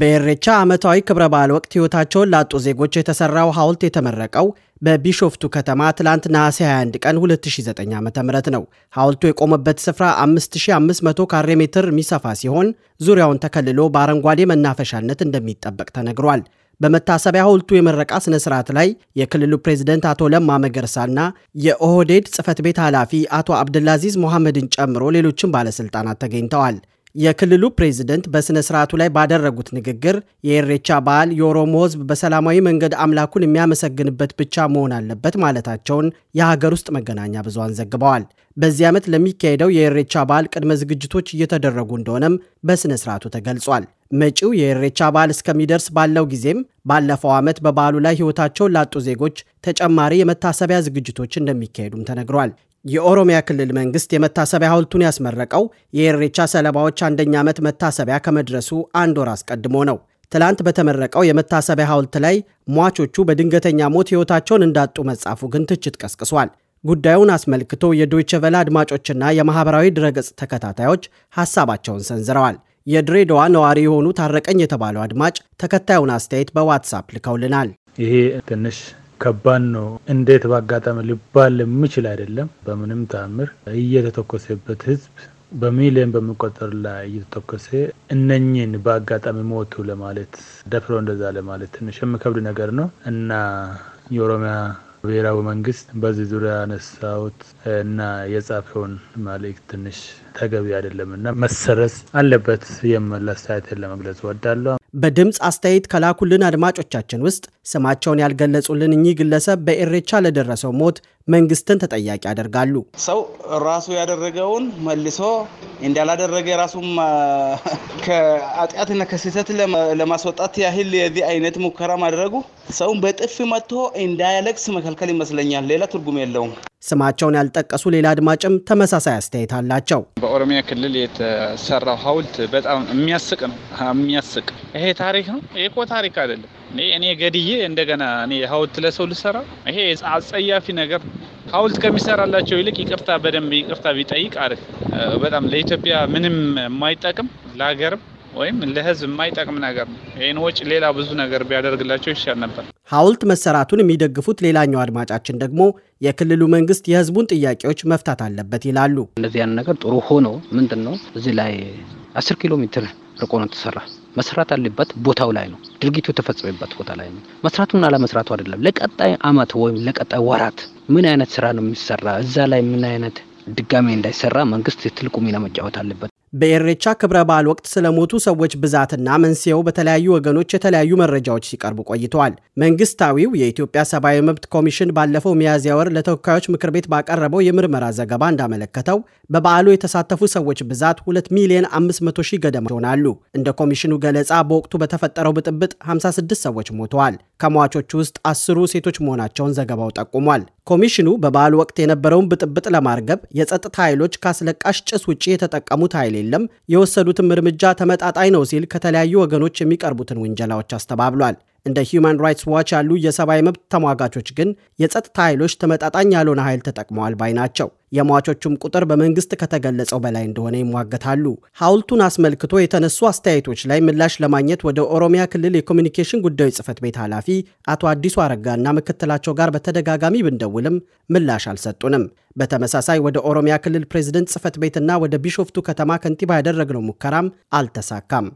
በኤሬቻ ዓመታዊ ክብረ በዓል ወቅት ሕይወታቸውን ላጡ ዜጎች የተሠራው ሐውልት የተመረቀው በቢሾፍቱ ከተማ ትላንት ነሐሴ 21 ቀን 2009 ዓ ም ነው። ሐውልቱ የቆመበት ስፍራ 5500 ካሬ ሜትር የሚሰፋ ሲሆን ዙሪያውን ተከልሎ በአረንጓዴ መናፈሻነት እንደሚጠበቅ ተነግሯል። በመታሰቢያ ሐውልቱ የመረቃ ሥነ ሥርዓት ላይ የክልሉ ፕሬዝደንት አቶ ለማ መገርሳና የኦህዴድ ጽህፈት ቤት ኃላፊ አቶ አብደላዚዝ ሞሐመድን ጨምሮ ሌሎችም ባለሥልጣናት ተገኝተዋል። የክልሉ ፕሬዝደንት በሥነ ሥርዓቱ ላይ ባደረጉት ንግግር የኢሬቻ በዓል የኦሮሞ ሕዝብ በሰላማዊ መንገድ አምላኩን የሚያመሰግንበት ብቻ መሆን አለበት ማለታቸውን የሀገር ውስጥ መገናኛ ብዙሃን ዘግበዋል። በዚህ ዓመት ለሚካሄደው የኢሬቻ በዓል ቅድመ ዝግጅቶች እየተደረጉ እንደሆነም በሥነ ሥርዓቱ ተገልጿል። መጪው የኢሬቻ በዓል እስከሚደርስ ባለው ጊዜም ባለፈው ዓመት በበዓሉ ላይ ሕይወታቸውን ላጡ ዜጎች ተጨማሪ የመታሰቢያ ዝግጅቶች እንደሚካሄዱም ተነግሯል። የኦሮሚያ ክልል መንግስት የመታሰቢያ ሐውልቱን ያስመረቀው የኢሬቻ ሰለባዎች አንደኛ ዓመት መታሰቢያ ከመድረሱ አንድ ወር አስቀድሞ ነው። ትላንት በተመረቀው የመታሰቢያ ሐውልት ላይ ሟቾቹ በድንገተኛ ሞት ሕይወታቸውን እንዳጡ መጻፉ ግን ትችት ቀስቅሷል። ጉዳዩን አስመልክቶ የዶይቸ ቨለ አድማጮችና የማኅበራዊ ድረገጽ ተከታታዮች ሐሳባቸውን ሰንዝረዋል። የድሬዳዋ ነዋሪ የሆኑ ታረቀኝ የተባለው አድማጭ ተከታዩን አስተያየት በዋትሳፕ ልከውልናል። ይሄ ትንሽ ከባድ ነው። እንዴት ባጋጠመ ሊባል የሚችል አይደለም። በምንም ተአምር እየተተኮሰበት ህዝብ በሚሊዮን በሚቆጠር ላይ እየተተኮሰ እነኝን በአጋጣሚ ሞቱ ለማለት ደፍሮ እንደዛ ለማለት ትንሽ የሚከብድ ነገር ነው እና የኦሮሚያ ብሔራዊ መንግስት በዚህ ዙሪያ ያነሳሁት እና የጻፈውን መልእክት ትንሽ ተገቢ አይደለም እና መሰረዝ አለበት የሚል አስተያየት ለመግለጽ እወዳለሁ። በድምፅ አስተያየት ከላኩልን አድማጮቻችን ውስጥ ስማቸውን ያልገለጹልን እኚህ ግለሰብ በኤሬቻ ለደረሰው ሞት መንግስትን ተጠያቂ ያደርጋሉ። ሰው ራሱ ያደረገውን መልሶ እንዳላደረገ ራሱን ከአጢአትና ከስህተት ለማስወጣት ያህል የዚህ አይነት ሙከራ ማድረጉ ሰውን በጥፊ መጥቶ እንዳያለቅስ መከልከል ይመስለኛል። ሌላ ትርጉም የለውም። ስማቸውን ያልጠቀሱ ሌላ አድማጭም ተመሳሳይ አስተያየት አላቸው። በኦሮሚያ ክልል የተሰራው ሀውልት በጣም የሚያስቅ ነው። የሚያስቅ ይሄ ታሪክ ነው። ይሄ እኮ ታሪክ አይደለም። እኔ ገድዬ እንደገና እኔ ሀውልት ለሰው ልሰራ፣ ይሄ አጸያፊ ነገር። ።ሀውልት ከሚሰራላቸው ይልቅ ይቅርታ፣ በደንብ ይቅርታ ቢጠይቅ አሪፍ። በጣም ለኢትዮጵያ ምንም የማይጠቅም ለሀገርም ወይም ለህዝብ የማይጠቅም ነገር ነው። ይህን ወጪ ሌላ ብዙ ነገር ቢያደርግላቸው ይሻል ነበር። ሐውልት መሰራቱን የሚደግፉት ሌላኛው አድማጫችን ደግሞ የክልሉ መንግስት የህዝቡን ጥያቄዎች መፍታት አለበት ይላሉ። እንደዚህ ያን ነገር ጥሩ ሆኖ ምንድን ነው እዚህ ላይ አስር ኪሎ ሜትር ርቆ ነው ተሰራ። መስራት አለበት ቦታው ላይ ነው፣ ድርጊቱ የተፈጸመበት ቦታ ላይ ነው። መስራቱና አለመስራቱ አይደለም። ለቀጣይ አመት ወይም ለቀጣይ ወራት ምን አይነት ስራ ነው የሚሰራ እዛ ላይ ምን አይነት ድጋሜ እንዳይሰራ መንግስት ትልቁ ሚና መጫወት አለበት። በኤሬቻ ክብረ በዓል ወቅት ስለሞቱ ሰዎች ብዛትና መንስኤው በተለያዩ ወገኖች የተለያዩ መረጃዎች ሲቀርቡ ቆይተዋል። መንግስታዊው የኢትዮጵያ ሰብአዊ መብት ኮሚሽን ባለፈው ሚያዝያ ወር ለተወካዮች ምክር ቤት ባቀረበው የምርመራ ዘገባ እንዳመለከተው በበዓሉ የተሳተፉ ሰዎች ብዛት 2 ሚሊዮን 500 ሺህ ገደማ ይሆናሉ። እንደ ኮሚሽኑ ገለጻ በወቅቱ በተፈጠረው ብጥብጥ 56 ሰዎች ሞተዋል። ከሟቾቹ ውስጥ አስሩ ሴቶች መሆናቸውን ዘገባው ጠቁሟል። ኮሚሽኑ በበዓል ወቅት የነበረውን ብጥብጥ ለማርገብ የጸጥታ ኃይሎች ካስለቃሽ ጭስ ውጪ የተጠቀሙት ኃይል የለም፣ የወሰዱትም እርምጃ ተመጣጣኝ ነው ሲል ከተለያዩ ወገኖች የሚቀርቡትን ውንጀላዎች አስተባብሏል። እንደ ሂዩማን ራይትስ ዋች ያሉ የሰብአዊ መብት ተሟጋቾች ግን የጸጥታ ኃይሎች ተመጣጣኝ ያልሆነ ኃይል ተጠቅመዋል ባይ ናቸው። የሟቾቹም ቁጥር በመንግስት ከተገለጸው በላይ እንደሆነ ይሟገታሉ። ሐውልቱን አስመልክቶ የተነሱ አስተያየቶች ላይ ምላሽ ለማግኘት ወደ ኦሮሚያ ክልል የኮሚኒኬሽን ጉዳዮች ጽህፈት ቤት ኃላፊ አቶ አዲሱ አረጋና ምክትላቸው ጋር በተደጋጋሚ ብንደውልም ምላሽ አልሰጡንም። በተመሳሳይ ወደ ኦሮሚያ ክልል ፕሬዝደንት ጽህፈት ቤትና ወደ ቢሾፍቱ ከተማ ከንቲባ ያደረግነው ሙከራም አልተሳካም።